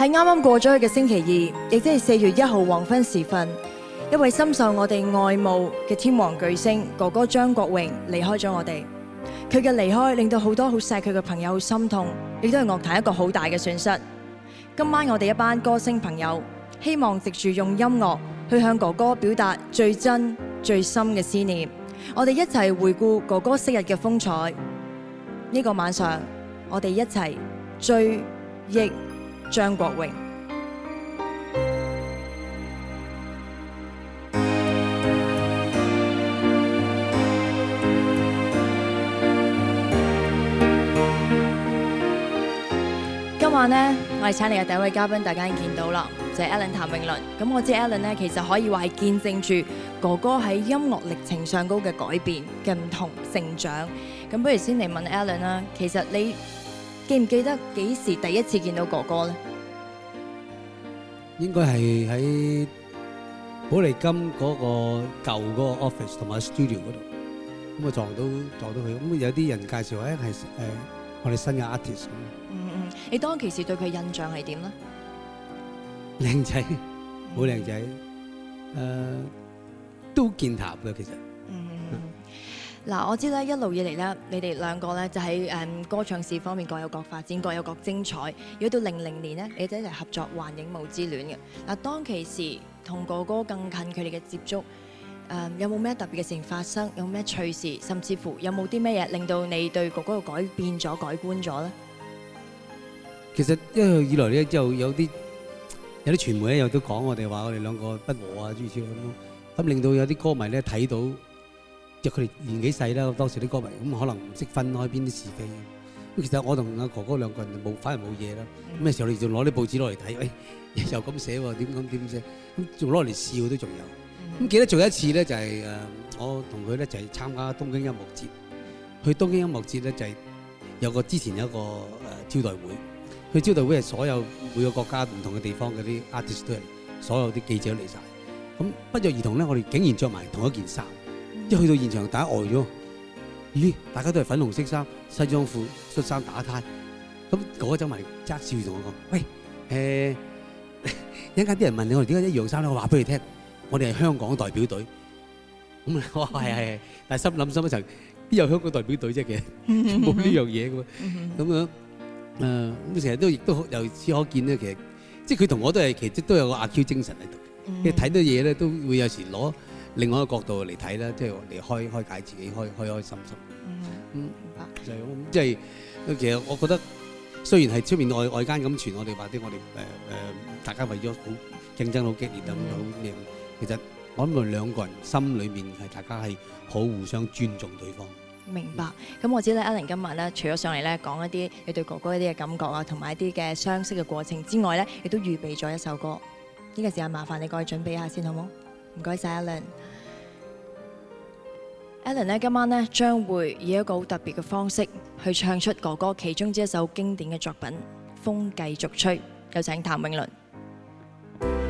喺啱啱過咗去嘅星期二，亦即係四月一號黃昏時分，一位深受我哋愛慕嘅天王巨星哥哥張國榮離開咗我哋。佢嘅離開令到好多好錫佢嘅朋友好心痛，亦都係樂壇一個好大嘅損失。今晚我哋一班歌星朋友，希望藉住用音樂去向哥哥表達最真最深嘅思念。我哋一齊回顧哥哥昔日嘅風采。呢、這個晚上，我哋一齊追憶。張國榮，今晚呢，我哋請嚟嘅第一位嘉賓，大家已經見到啦，就係 Alan 譚詠麟。咁我知 Alan 呢，其實可以話係見證住哥哥喺音樂歷程上高嘅改變、嘅唔同成長。咁不如先嚟問 Alan 啦，其實你？記唔記得幾時第一次見到哥哥咧？應該係喺寶麗金嗰個舊嗰個 office 同埋 studio 嗰度，咁啊撞到撞到佢，咁有啲人介紹咧係誒我哋新嘅 artist。嗯嗯，你當其時對佢印象係點咧？靚仔，好靚仔，誒都健談嘅其實。嗱，我知咧一路以嚟咧，你哋兩個咧就喺誒歌唱事方面各有各發展，各有各精彩。如果到零零年呢，你哋一齊合作《幻影舞之戀》嘅嗱，當其時同哥哥更近，佢哋嘅接觸誒有冇咩特別嘅事情發生？有咩趣事？甚至乎有冇啲咩嘢令到你對哥哥改變咗、改觀咗咧？其實一路以來咧，就有啲有啲傳媒咧，有都講我哋話我哋兩個不和啊，諸如此類咁，咁令到有啲歌迷咧睇到。就佢哋年紀細啦，當時啲歌迷咁可能唔識分開邊啲是非。咁其實我同阿哥哥兩個人冇，反而冇嘢啦。咁、嗯、嘅時候，你就攞啲報紙攞嚟睇，誒又咁寫喎，點咁點寫？咁仲攞嚟笑都仲有。咁、嗯、記得做一次咧，就係、是、誒我同佢咧就係、是、參加東京音樂節。去東京音樂節咧就係、是、有個之前有一個誒、呃、招待會。去招待會係所有每個國家唔同嘅地方嗰啲 artist 都係，所有啲記者嚟晒。咁不約而同咧，我哋竟然着埋同一件衫。一去到現場大家呆咗，咦？大家都係粉紅色衫、西裝褲、恤衫打呔，咁哥哥走埋，即刻笑住同我講：喂，誒、呃，陣間啲人問你我哋點解一樣衫咧，我話俾你聽，我哋係香港代表隊。咁我話係係，但係心諗深一層，邊有香港代表隊啫？其實冇呢樣嘢嘅。咁樣誒，咁成日都亦都由此可見咧。其實、， 嗯呃、其其實即係佢同我都係，其實都有個阿 Q 精神喺度。你睇到嘢咧，都會有時攞。另外一個角度嚟睇咧，即係我哋開開解自己，開開開心心。嗯，嗯，明白。就係咁，即係其實我覺得，雖然係出面外外間咁傳，我哋話啲我哋誒誒，大家為咗好競爭好激烈，好咩？其實我諗兩個人心裏面係大家係好互相尊重對方。明白。咁我知道咧，阿倫今日咧，除咗上嚟咧講一啲你對哥哥一啲嘅感覺啊，同埋一啲嘅相識嘅過程之外咧，亦都預備咗一首歌。呢個時間麻煩你過去準備一下先，好冇？唔該曬 Alan，Alan 呢今晚呢將會以一個好特別嘅方式去唱出哥哥其中之一首經典嘅作品《風繼續吹》，有請譚詠麟。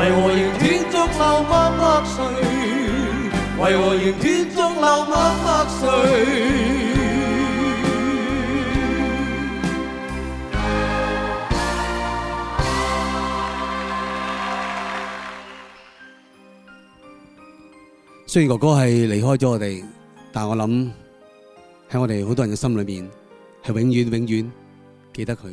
為何仍天中留萬萬歲？為何仍天中留萬萬歲？雖然哥哥係離開咗我哋，但我諗喺我哋好多人嘅心裏面，係永遠永遠記得佢。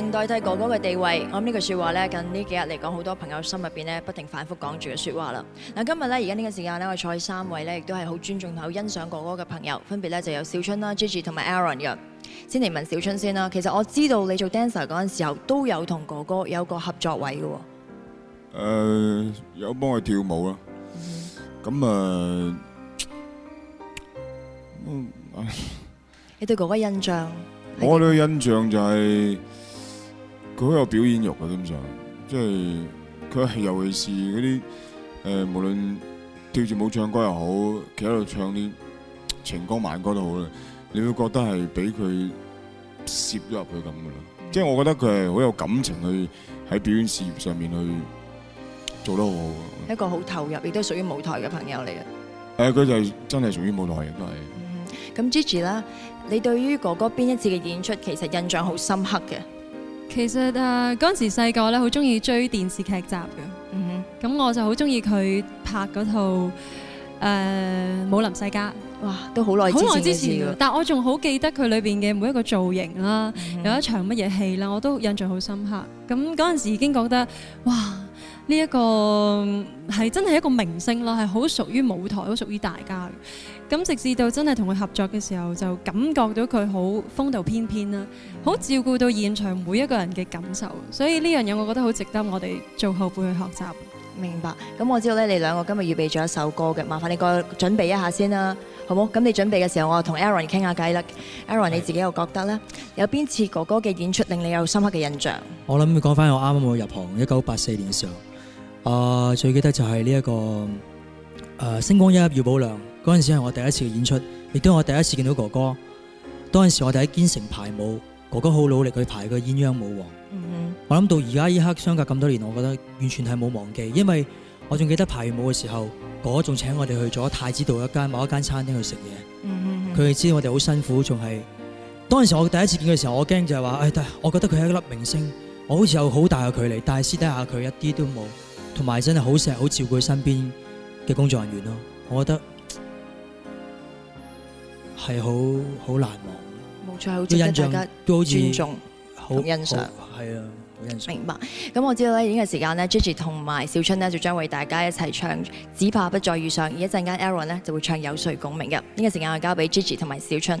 能代替哥哥嘅地位，我諗呢句話、說話呢，近呢幾日嚟講，好多朋友心入邊呢，不停反復講住嘅說話啦。嗱，今日呢，而家呢個時間呢，我哋坐喺三位呢，亦都係好尊重、好欣賞哥哥嘅朋友，分別呢，就有小春啦、Gigi 同埋 Aaron 嘅。先嚟問小春先啦。其實我知道你做 dancer 嗰陣時候，都有同哥哥有個合作位嘅。誒，有幫佢跳舞啦。咁啊、呃，你對哥哥印象？我對印象就係、是。佢好有表演欲嘅，基本上，即係佢係，尤其是嗰啲，誒，無論跳住舞、唱歌又好，企喺度唱啲情歌、慢歌都好咧，你會覺得係俾佢攝咗入去咁嘅啦。即係我覺得佢係好有感情去喺表演事業上面去做得好。一個好投入，亦都屬於舞台嘅朋友嚟嘅、就是。誒，佢就真係屬於舞台嘅，都係。咁 Gigi 啦，你對於哥哥邊一次嘅演出，其實印象好深刻嘅？其實誒，嗰、啊、陣時細個咧，好中意追電視劇集嘅。咁、嗯、我就好中意佢拍嗰套誒《武林世家》，哇，都好耐好耐之前，好耐之前。但我仲好記得佢裏邊嘅每一個造型啦、嗯，有一場乜嘢戲啦，我都印象好深刻。咁嗰陣時已經覺得，哇！呢、呢、一個係真係一個明星咯，係好屬於舞台，好屬於大家嘅。咁直至到真係同佢合作嘅時候，就感覺到佢好風度翩翩啦，好照顧到現場每一個人嘅感受。所以呢樣嘢我覺得好值得我哋做後輩去學習。明白。咁我知道咧，你兩個今日預備咗一首歌嘅，麻煩你個準備一下先啦，好冇？咁你準備嘅時候，我同 Aaron 傾下偈啦。Aaron 你自己又覺得呢？有邊次哥哥嘅演出令你有深刻嘅印象？我諗講返我啱啱入行一九八四年嘅時候、呃，最記得就係呢一個、呃、星光熠熠耀保良。嗰陣時係我第一次嘅演出，亦都係我第一次見到哥哥。當陣時我喺堅城排舞，哥哥好努力去排個鴛鴦舞王。Mm -hmm. 我諗到而家依刻相隔咁多年，我覺得完全係冇忘記，因為我仲記得排舞嘅時候，哥哥仲請我哋去咗太子道一間某一間餐廳去食嘢。Mm-hmm. 佢哋知道我哋好辛苦，仲係當陣時我第一次見佢嘅時候，我驚就係話，哎，我覺得佢係一粒明星，我好似有好大嘅距離。但係私底下佢一啲都冇，同埋真係好錫、好照顧身邊嘅工作人員咯。我覺得。係好好難忘的，冇錯，好尊敬大家，都好尊重同欣賞，係 啊，好欣賞。明白咁我知道咧，呢、這個時間呢，Gigi 同埋小春呢就將為大家一齊唱《只怕不再遇上》，而一陣間 Aaron 呢就會唱《有誰共鳴》嘅呢、這個時間，我交俾 Gigi 同埋小春。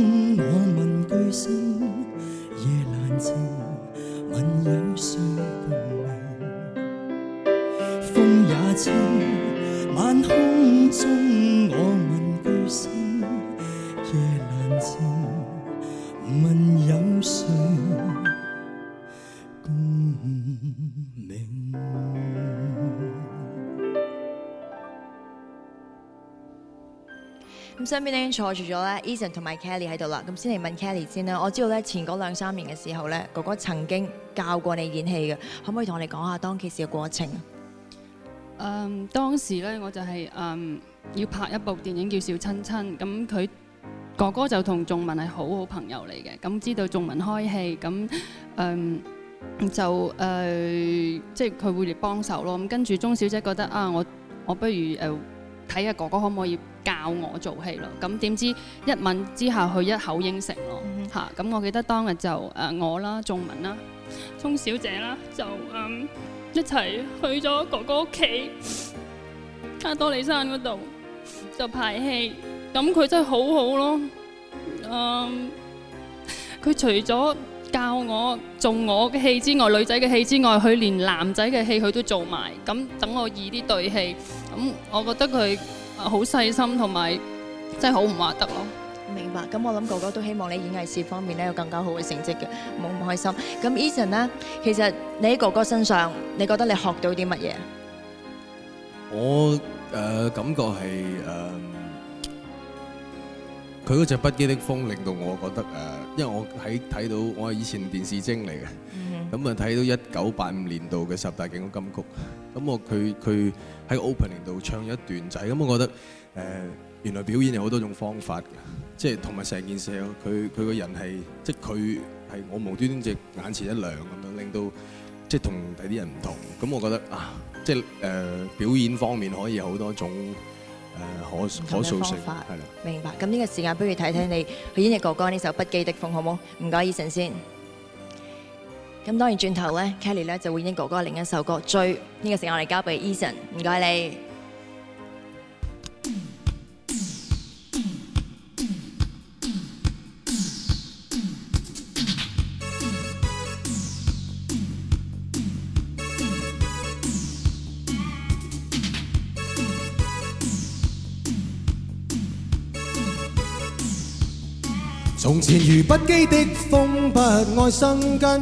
身邊已經坐住咗咧，Eason 同埋 Kelly 喺度啦。咁先嚟問 Kelly 先啦。我知道咧，前嗰兩三年嘅時候咧，哥哥曾經教過你演戲嘅，可唔可以同我哋講下當其時嘅過程？嗯，當時咧我就係、誒、嗯要拍一部電影叫《小親親》。咁佢哥哥就同仲文係好好朋友嚟嘅。咁知道仲文開戲，咁嗯就誒即係佢會嚟幫手咯。咁跟住鍾小姐覺得啊，我我不如誒睇下哥哥可唔可以？教我做戲咯，咁點知一問之下，佢一口應承咯嚇。咁我記得當日就誒我啦，仲文啦，鐘小姐啦，就誒一齊去咗哥哥屋企加多利山嗰度就排戲。咁佢真係好好咯。誒，佢除咗教我、仲我嘅戲之外，女仔嘅戲之外，佢連男仔嘅戲佢都做埋。咁等我易啲對戲，咁我覺得佢。好細心同埋真係好唔話得咯，明白。咁我諗哥哥都希望你喺演藝事方面咧，有更加好嘅成績嘅，冇唔開心。咁 Eason 咧，其實你喺哥哥身上，你覺得你學到啲乜嘢？我誒感覺係誒，佢嗰隻不羈的風令到我覺得誒，因為我喺睇到我係以前電視精嚟嘅。咁啊睇到一九八五年度嘅十大勁歌金曲，咁我佢佢喺 opening 度唱咗一段仔，咁我覺得誒原來表演有好多種方法嘅，即係同埋成件事咯。佢佢個人係，即係佢係我無端端隻眼前一亮咁樣，令到即係同第啲人唔同。咁我覺得啊，即係誒表演方面可以有好多種誒可可塑性係啦。明白。咁呢個時間不如睇睇你去演繹哥哥呢首不羈的風好冇？唔該，以誠先。咁當然轉頭呢，Kelly 呢就會應哥哥另一首歌《追》，呢個時間我哋交俾 Eason，唔該你。從前如不羈的風，不愛生根，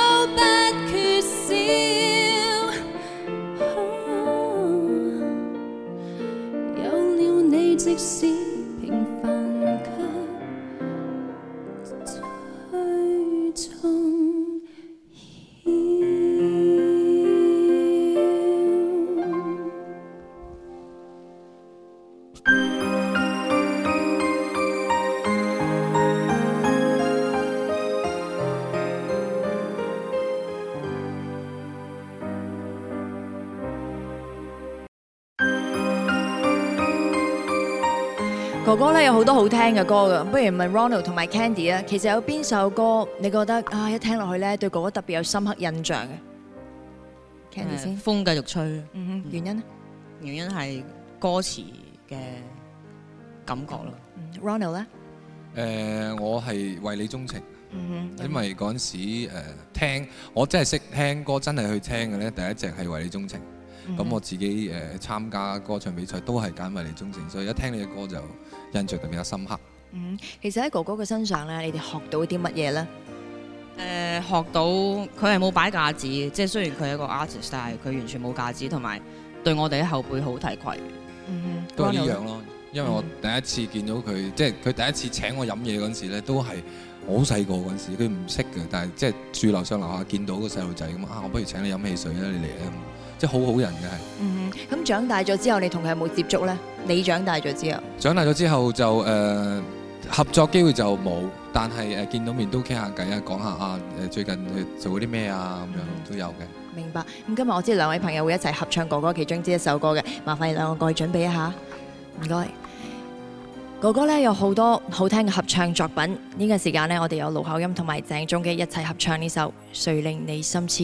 好多好聽嘅歌噶，不如問 Ronald 同埋 Candy 啊，其實有邊首歌你覺得啊一聽落去咧，對哥哥特別有深刻印象嘅？Candy 先，風繼續吹，嗯哼，原因咧？原因係歌詞嘅感覺咯。Ronald 咧？誒，我係為你鍾情，嗯哼，因為嗰陣時誒聽，我真係識聽歌，真係去聽嘅咧，第一隻係為你鍾情。咁、mm -hmm. 我自己誒、呃、參加歌唱比賽都係揀為你鍾情，所以一聽你嘅歌就印象特別比較深刻。嗯，其實喺哥哥嘅身上咧，你哋學到啲乜嘢咧？誒、呃，學到佢係冇擺架子，即係雖然佢係一個 artist，但係佢完全冇架子，同埋對我哋啲後輩好提攜。都係呢樣咯。因為我第一次見到佢，mm -hmm. 即係佢第一次請我飲嘢嗰陣時咧，都係好細個嗰陣時，佢唔識嘅，但係即係住樓上樓下見到個細路仔咁啊，我不如請你飲汽水啦，你嚟即係好好人嘅、嗯，嗯，咁長大咗之後，你同佢有冇接觸呢？你長大咗之後，長大咗之後就誒、呃、合作機會就冇，但係誒見到面都傾下偈啊，講下啊最近做啲咩啊咁樣都有嘅、嗯。明白。咁今日我知兩位朋友會一齊合唱哥哥其中之一首歌嘅，麻煩你兩個過去準備一下，唔該。哥哥呢有好多好聽嘅合唱作品，呢、這個時間呢，我哋有盧巧音同埋鄭中基一齊合唱呢首《誰令你心痴》。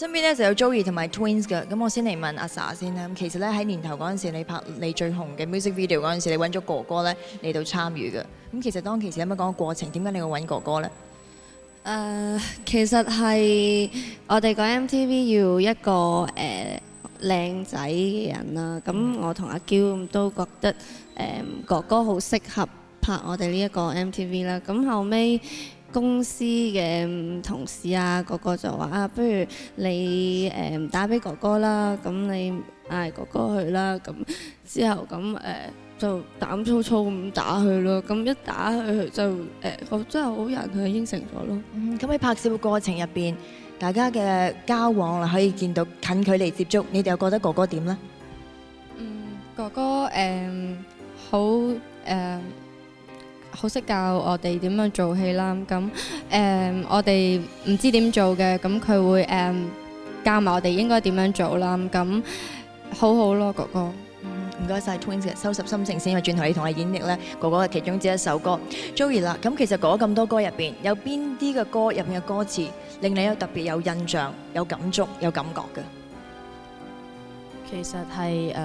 身邊咧就有 Joey 同埋 Twins 嘅，咁我先嚟問阿 Sa 先啦。其實咧喺年頭嗰陣時，你拍你最紅嘅 music video 嗰陣時，你揾咗哥哥咧嚟到參與嘅。咁其實當其時有冇講個過程？點解你會揾哥哥呢？誒、uh，其實係我哋個 MTV 要一個誒、呃、靚仔嘅人啦。咁我同阿嬌都覺得誒、呃、哥哥好適合拍我哋呢一個 MTV 啦。咁後尾，公司嘅同事啊，個個就話啊，不如你誒打俾哥哥啦，咁你嗌哥哥去啦，咁之後咁誒就膽粗粗咁打佢咯，咁一打佢就誒，我真係好人，佢應承咗咯。嗯，咁喺拍攝過程入邊，大家嘅交往啊，可以見到近距離接觸，你哋又覺得哥哥點咧？嗯，哥哥誒好誒。好識教我哋點樣做戲啦，咁誒我哋唔知點做嘅，咁佢會誒教埋我哋應該點樣做啦，咁好好咯，哥哥。唔該曬 Twins 嘅，收拾心情先，因為轉頭要同我演繹咧哥哥其中之一首歌。Joey 啦，咁其實講咁多歌入邊，有邊啲嘅歌入邊嘅歌詞令你有特別有印象、有感觸、有感覺嘅？其實係誒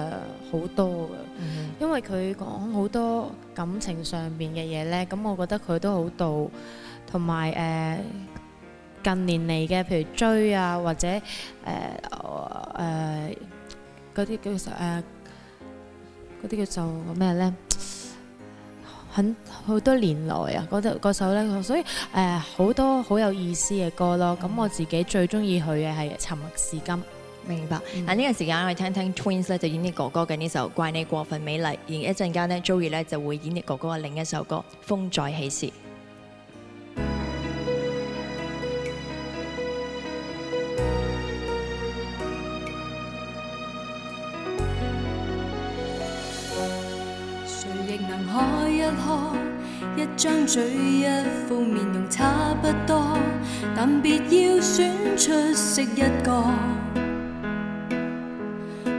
好多嘅，mm -hmm. 因為佢講好多感情上面嘅嘢咧，咁我覺得佢都好到，同埋誒近年嚟嘅，譬如追啊，或者誒誒嗰啲叫做誒啲叫做咩咧，很好多年來啊嗰首嗰首咧，所以誒好、呃、多好有意思嘅歌咯。咁、mm -hmm. 我自己最中意佢嘅係《沉默是金》。明白，嗱呢個時間我哋聽聽 Twins 咧就演繹哥哥嘅呢首《怪你過分美麗》，而一陣間呢 Joey 呢就會演繹哥哥嘅另一首歌《風再起時》。誰亦能開一開，一張嘴，一副面容差不多，但別要選出色一個。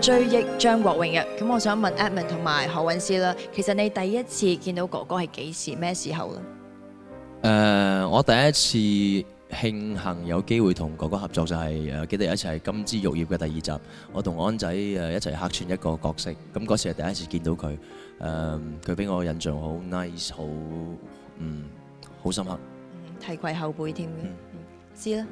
追憶張國榮嘅，咁我想問 Edmond 同埋何韻詩啦。其實你第一次見到哥哥係幾時？咩時候咧？誒、uh,，我第一次慶幸有機會同哥哥合作就係、是、誒，記得一齊係《金枝玉葉》嘅第二集，我同安仔誒一齊客串一個角色，咁嗰時係第一次見到佢。誒，佢俾我印象好 nice，好嗯，好深刻。提、嗯、攜後輩添，啊、嗯嗯，知啦。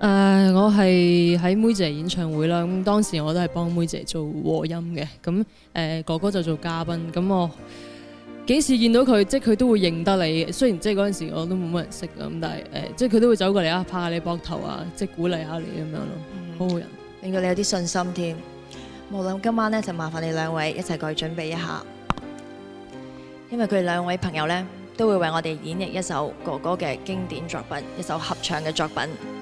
誒、uh,，我係喺妹姐演唱會啦。咁當時我都係幫妹姐做和音嘅。咁誒，哥哥就做嘉賓。咁我幾時見到佢，即係佢都會認得你。雖然即係嗰陣時我都冇乜人識咁，但係誒，即係佢都會走過嚟啊，拍下你膊頭啊，即係鼓勵下你咁樣咯，好、嗯、好人令到你有啲信心添。無論今晚咧，就麻煩你兩位一齊過去準備一下，因為佢哋兩位朋友咧都會為我哋演繹一首哥哥嘅經典作品，一首合唱嘅作品。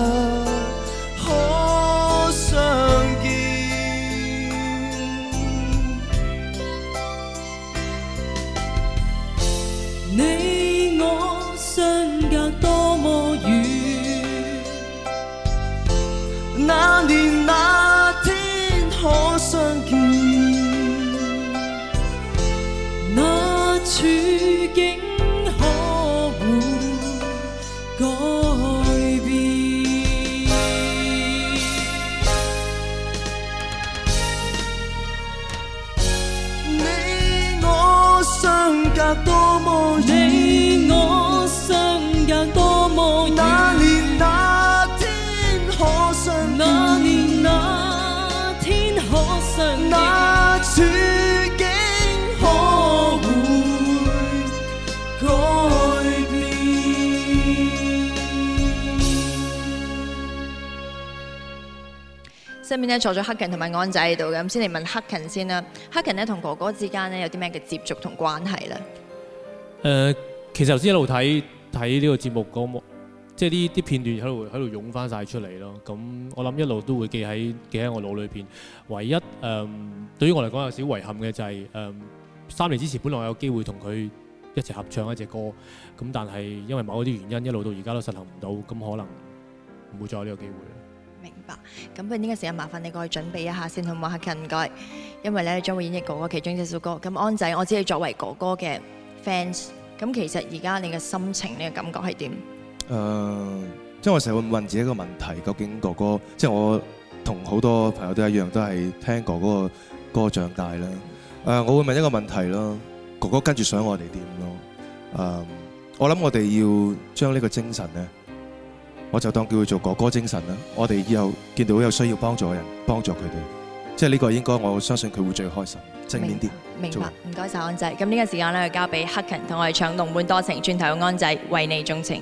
身邊咧坐咗克勤同埋安仔喺度嘅，咁先嚟問克勤先啦。克勤咧同哥哥之間咧有啲咩嘅接觸同關係咧？誒，其實頭先一路睇睇呢個節目嘅，即係呢啲片段喺度喺度湧翻曬出嚟咯。咁我諗一路都會記喺記喺我腦裏邊。唯一誒對於我嚟講有少遺憾嘅就係誒三年之前本來我有機會同佢一齊合唱一隻歌，咁但係因為某啲原因一路到而家都實行唔到，咁可能唔會再有呢個機會。咁不如呢個時間麻煩你過去準備一下先，好唔好啊？阿勤，唔該，因為咧你將會演繹哥哥其中一首歌。咁安仔，我知你作為哥哥嘅 fans，咁其實而家你嘅心情，呢個感覺係點？誒、呃，即係我成日會問自己一個問題：究竟哥哥，即係我同好多朋友都一樣，都係聽哥哥歌長大啦。誒、那個嗯呃，我會問一個問題咯：哥哥跟住想我哋點咯？誒、呃，我諗我哋要將呢個精神咧。我就當叫佢做哥哥精神，我哋以後見到有需要幫助嘅人，幫助佢哋，即係呢個應該我相信佢會最開心。正面啲，明白？唔該曬安仔。咁呢個時間呢，就交俾克勤同我哋唱《龍門多情》，轉頭嘅安仔為你鍾情。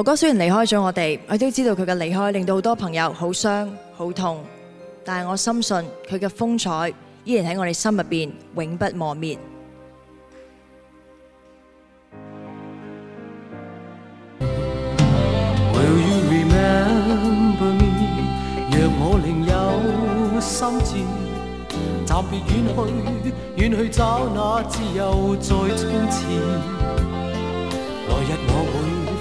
哥哥雖然離開咗我哋，我都知道佢嘅離開令到好多朋友好傷好痛，但係我深信佢嘅風采依然喺我哋心入邊，永不磨滅。 Will you remember me? 若我另有心志，暫別遠去，遠去找那自由再衝刺，來日我會。